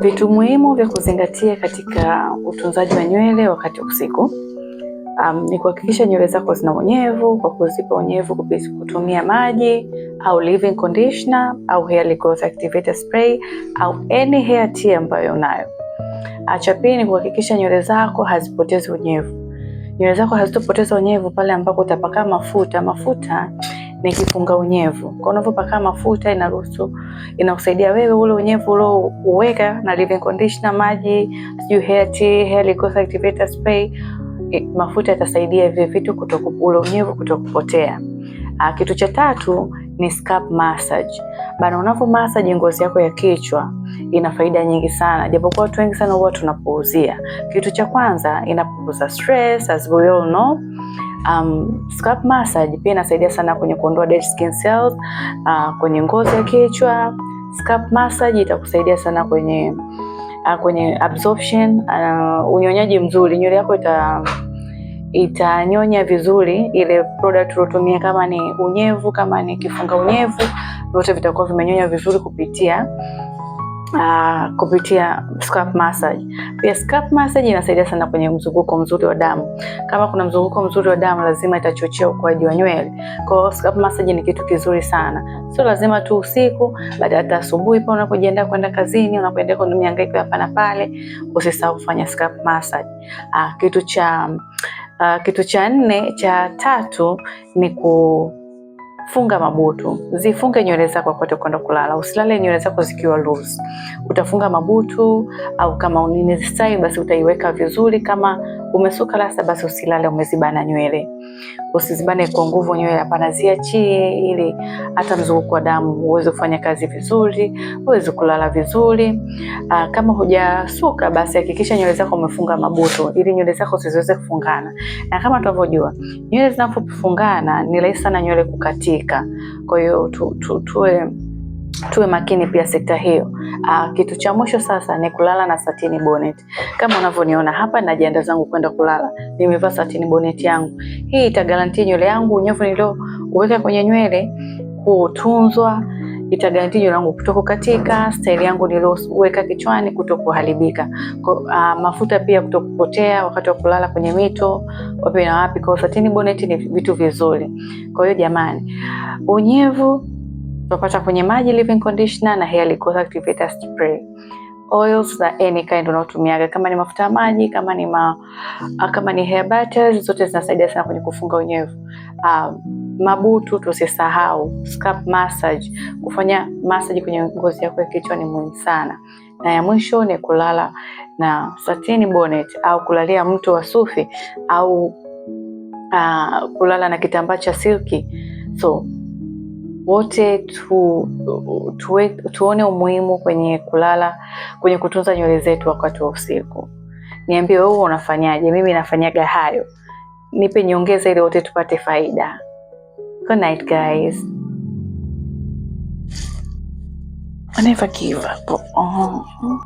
Vitu muhimu vya kuzingatia katika utunzaji wa nywele wakati wa usiku um, ni kuhakikisha nywele zako zina unyevu kwa kuzipa unyevu kutumia maji au leave-in conditioner au hair growth activator spray au any hair tie ambayo unayo. Ah, cha pili ni kuhakikisha nywele zako hazipotezi unyevu. Nywele zako hazitopoteza unyevu pale ambapo utapaka mafuta. Mafuta ni kifunga unyevu. Kwa unavyopaka mafuta inaruhusu inakusaidia wewe ule unyevu uliouweka na leave-in conditioner, maji, sijui hair tea, hair loss activator spray, eh, mafuta yatasaidia vile vitu kutoku, ule unyevu kutokupotea. Ah, kitu cha tatu ni scalp massage. Bana, unavyo massage ngozi yako ya kichwa ina faida nyingi sana, japokuwa watu wengi sana huwa tunapuuzia. Kitu cha kwanza, inapunguza stress as we all know Um, scalp massage pia inasaidia sana kwenye kuondoa dead skin cells, uh, kwenye ngozi ya kichwa. Scalp massage itakusaidia sana kwenye uh, kwenye absorption uh, unyonyaji mzuri, nywele yako ita itanyonya vizuri ile product uliotumia, kama ni unyevu, kama ni kifunga unyevu, vyote vitakuwa vimenyonya vizuri kupitia uh, kupitia scalp massage. Pia scalp massage inasaidia sana kwenye mzunguko mzuri wa damu. Kama kuna mzunguko mzuri wa damu, lazima itachochea ukuaji wa nywele. Kwa hiyo scalp massage ni kitu kizuri sana, sio lazima tu usiku, baada hata asubuhi pa unapojiandaa kwenda kazini, unapoendelea kwenye mihangaiko hapa na pale, usisahau kufanya scalp massage. Uh, kitu cha uh, kitu cha nne cha tatu ni ku Funga mabutu, zifunge nywele zako wakati kwenda kulala. Usilale nywele zako zikiwa loose. Utafunga mabutu au kama unini style basi utaiweka vizuri. Kama umesuka rasta basi usilale umezibana nywele usizibane kwa nguvu nywele, hapana, ziachie ili hata mzunguko wa damu uweze kufanya kazi vizuri, uweze kulala vizuri. Aa, ah, kama hujasuka basi hakikisha nywele zako umefunga mabuto ili nywele zako zisiweze kufungana, na kama tunavyojua nywele zinapofungana ni rahisi sana nywele kukatika. Kwa hiyo tu, tu, tuwe tuwe makini pia sekta hiyo. Uh, kitu cha mwisho sasa ni kulala na satini bonnet. Kama unavyoniona hapa, najiandaa zangu kwenda kulala, nimevaa satini bonnet yangu. Hii itagaranti nywele yangu unyevu nilioweka kwenye nywele kutunzwa, itagaranti nywele yangu katika staili yangu nilioweka kichwani kutokuharibika, Uh, mafuta pia kutokupotea wakati wa kulala kwenye mito wapi na wapi. Kwa satini bonnet ni vitu vizuri. Kwa hiyo jamani, unyevu tunapata kwenye maji leave-in conditioner na hair liquid activator spray. Oils za any kind unaotumiaga kama ni mafuta ya maji kama ni ma, uh, kama ni hair butters zote zinasaidia sana kwenye kufunga unyevu. Uh, mabutu tusisahau, scalp massage, kufanya massage kwenye ngozi yako ya kichwa ni muhimu sana. Na ya mwisho ni kulala na satin bonnet au kulalia mtu wa sufi au uh, kulala na kitambaa cha silki so wote tu, tuwe, tuone umuhimu kwenye kulala, kwenye kutunza nywele zetu wakati wa usiku. Niambie wewe unafanyaje? Mimi nafanyaga hayo, nipe nyongeza ili wote tupate faida. Good night guys. I never give up. Oh.